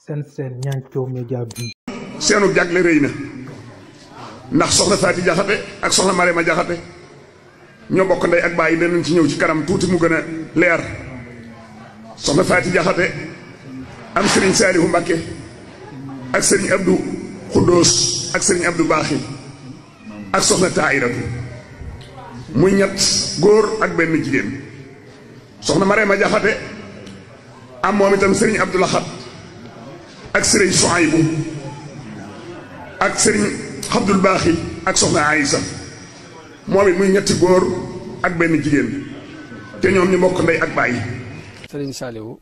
seen seen Nianthio Média bi seenu jagle rëy na ndax soxna Faati Jaxate ak soxna Marema Jaxate ñoo bokk ndey ak bàyyi danañ ci ñëw ci kanam tuuti mu gën a leer soxna Faati Jaxate am sëriñ Saalihu Mbàkke ak sëriñ Abdu Xuddoos ak sëriñ Abdu Baaxi ak soxna Taayiratu muy ñett góor ak benn jigéen soxna Marema Jaxate am moom itam sëriñ Abdu Laxat ak sëriñ Sohaybu ak sëriñ Abdul Baaxi ak soxna Aysa moom it muy ñetti góor ak benn jigéen te ñoom ñu bokk ndey ak bàyyi. sëriñ Saliou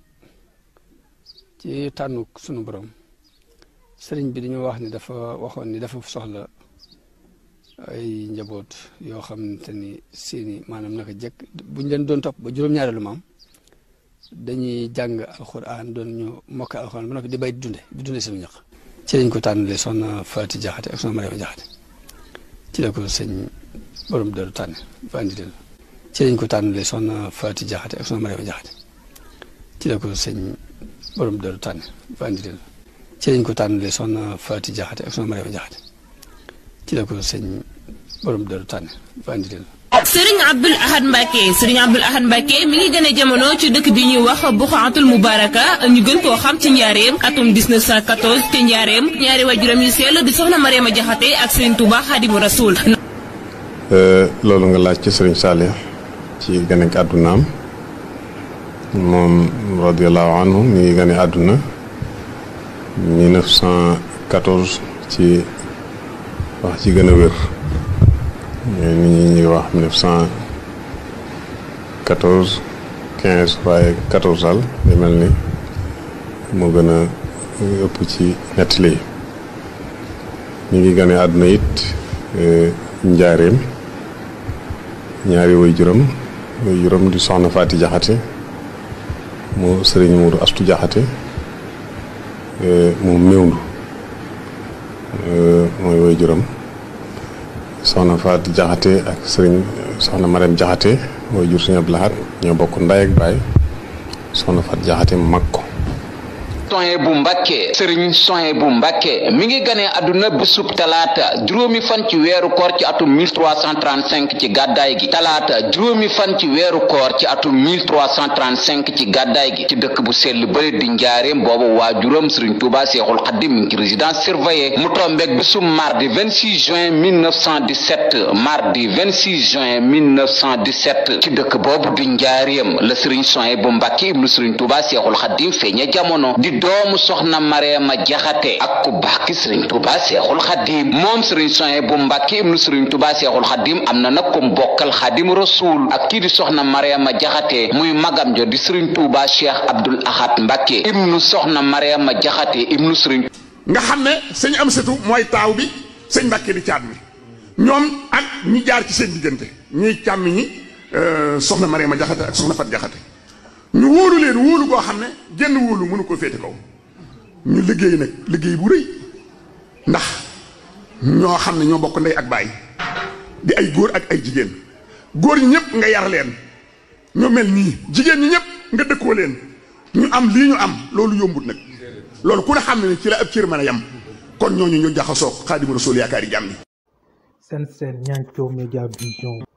ci tànnu sunu borom sëriñ bi dañoo wax ni dafa waxoon ni dafa soxla ay njaboot yoo xam ne te ni seeni maanaam naka jekk buñ leen doon topp ba juróom-ñaareelu maam. dañuy jàng alxuraan doon ñu mokk alxuraan ba noppi di bay di dunde di dunde seen ñaq ci lañ ko tànnalee soxna Faati Jaxate ak soxna Mariama Jaxate ci la ko sëñ borom daru tànn fa andi lañ ko tànnalee soxna Faati Jaxate ak soxna Mariama Jaxate ci la ko sëñ borom daru tànn fa ko tànnalee soxna Faati Jaxate ak soxna ci la sëñ borom daru tànn sëriñ Abdul Ahad Mbacke sëriñ Abdul Ahad Mbacke mi ngi gën a jamono ci dëkk bi ñuy wax Buxaatul Mubaraka ñu gën koo xam ci njaareem atum ci njaareem ñaari waajuram yu sell di soxna Mariama Jaxate ak sëriñ Touba Xaadimu Rasuul. Euh, loolu nga laaj ci sëriñ Saalih ci gën ak àddunaam moom radiyallahu anhu mi ngi gën a àdduna ci wax ci gën a wér. ñooy nit ñi ñuy wax mille neuf cent quatorze quinze waaye quatorze daal day mel ni moo gën a ëpp ci nettali yi ñu ngi gane àdduna it eh, njaareem ñaari way juróom way juróom di soxna Faati Jaxate mu sëriñ Muuru Astu Jaxate eh, mu méwndu eh, mooy way juróom soxna Faat Jaxate ak sëriñ soxna Marème Jaxate mooy jur suñu Abdou Lahad ñoo bokk ndey ak baay soxna Faat Jaxate mag ko soye bu mbàkke sëriñ soye bu mbàkke mi ngi ganee aduna bisup talata juróomi fan ci wéru koor ci atum 1335 ci Talata. gi talaata juróomi fan ci wéru koor ci atum 1335 ci gàddaay gi ci dekk bu sell bële di njaareem bobu waajuram sëriñ Tuuba Seexul Xadim mi résidence surveillée mu tombé bisub mardi 26 juin 1917 mardi 26 juin 1917 ci dekk bobu di njaareem le serigne soye bu ibnu serigne touba cheikhoul khadim feeñe jamono di di doomu soxna mareema jaxate ak ku baax ki sëriñ tuba seexul xadim moom sëriñ soye bu mbàkke ibnu sëriñ tuba seexul xadim am na nag ku mbokkal xadim rasul ak kii di soxna mareema jaxate muy magam jo di sëriñ tuba cheikh abdul ahad mbàkke ibnu soxna mareema jaxate ibnu sëriñ nga xam ne sëñ am sëtu mooy taaw bi sëñ mbàkke di caat mi ñoom ak ñi jaar ci seen diggante ñuy càmmi ñi euh, soxna mareema jaxate ak soxna fat jaxate ñu wóolu leen wóolu koo xam ne genn wóolu mënu koo féete kaw ñu liggéey nag liggéey bu rëy ndax ñoo xam ne ñoo bokk ndey ak baay di ay góor ak ay jigéen góor ñi ñëpp nga yar leen ñu mel nii jigéen ñi ñëpp nga dëkkoo leen ñu am lii ñu am loolu yombut nag loolu ku ne xam ne ci la ab cër mën a yem kon ñooñu ñu jaxasoo xaadimu rasul yaakaar yi jàmm ni seen seen Nianthio Média Vision